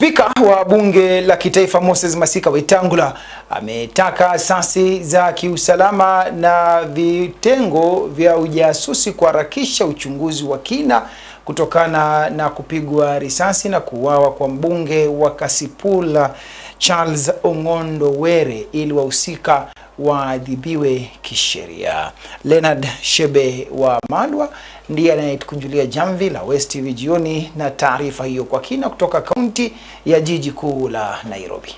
Spika wa Bunge la Kitaifa Moses Masika Wetangula ametaka asasi za kiusalama na vitengo vya ujasusi kuharakisha uchunguzi wa kina kutokana na kupigwa risasi na kuuawa kwa mbunge wa Kasipula Charles Ong'ondo Were ili wahusika waadhibiwe kisheria. Leonard Shebe wa Malwa ndiye anayetukunjulia jamvi la West TV jioni na taarifa hiyo kwa kina kutoka kaunti ya jiji kuu la Nairobi.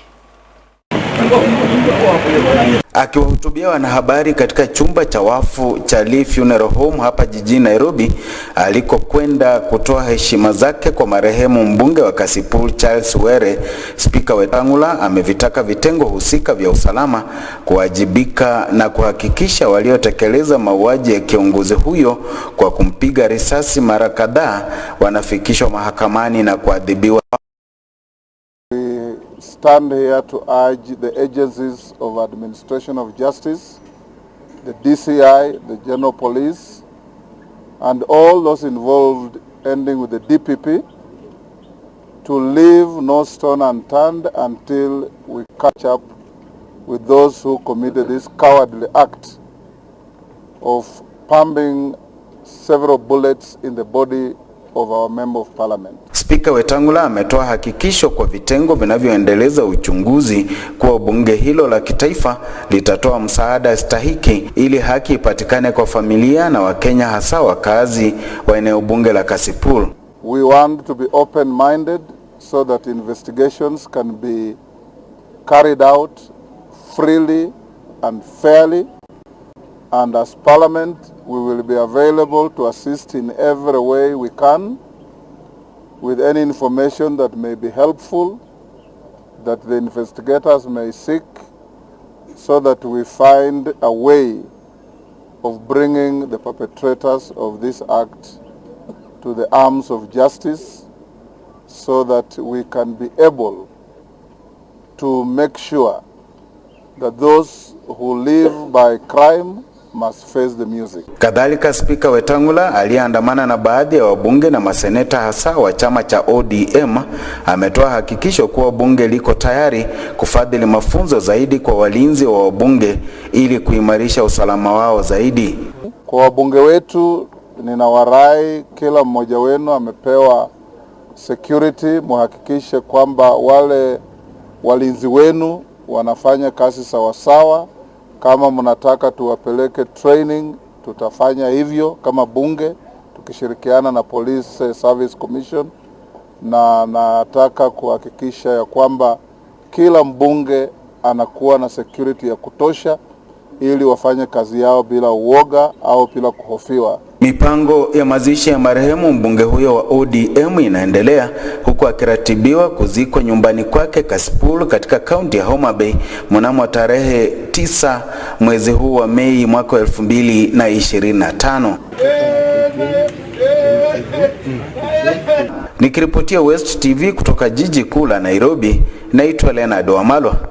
Akiwahutubia wanahabari katika chumba cha wafu cha Lee Funeral Home hapa jijini Nairobi, alikokwenda kutoa heshima zake kwa marehemu mbunge wa Kasipul Charles Were, Spika Wetangula amevitaka vitengo husika vya usalama kuwajibika na kuhakikisha waliotekeleza mauaji ya kiongozi huyo kwa kumpiga risasi mara kadhaa wanafikishwa mahakamani na kuadhibiwa. stand here to urge the agencies of administration of justice, the DCI, the General Police, and all those involved ending with the DPP to leave no stone unturned until we catch up with those who committed this cowardly act of pumping several bullets in the body of our Member of Parliament. Spika Wetangula ametoa hakikisho kwa vitengo vinavyoendeleza uchunguzi kuwa bunge hilo la kitaifa litatoa msaada stahiki ili haki ipatikane kwa familia na Wakenya hasa wakazi wa eneo bunge la Kasipul. We want to be open minded so that investigations can be carried out freely and fairly and as parliament we will be available to assist in every way we can with any information that may be helpful that the investigators may seek so that we find a way of bringing the perpetrators of this act to the arms of justice so that we can be able to make sure that those who live by crime must face the music. Kadhalika, Spika Wetangula aliyeandamana na baadhi ya wabunge na maseneta hasa wa chama cha ODM ametoa hakikisho kuwa bunge liko tayari kufadhili mafunzo zaidi kwa walinzi wa wabunge ili kuimarisha usalama wao zaidi. Kwa wabunge wetu, ninawarai kila mmoja wenu amepewa security, muhakikishe kwamba wale walinzi wenu wanafanya kazi sawasawa. Kama mnataka tuwapeleke training, tutafanya hivyo kama bunge tukishirikiana na Police Service Commission, na nataka kuhakikisha ya kwamba kila mbunge anakuwa na security ya kutosha ili wafanye kazi yao bila uoga au bila kuhofiwa. Mipango ya mazishi ya marehemu mbunge huyo wa ODM inaendelea huku akiratibiwa kuzikwa nyumbani kwake Kasipul katika kaunti ya Homa Bay mnamo tarehe 9 mwezi huu wa Mei mwaka 2025. Nikiripotia West TV kutoka jiji kuu la Nairobi, naitwa Leonard Wamalwa.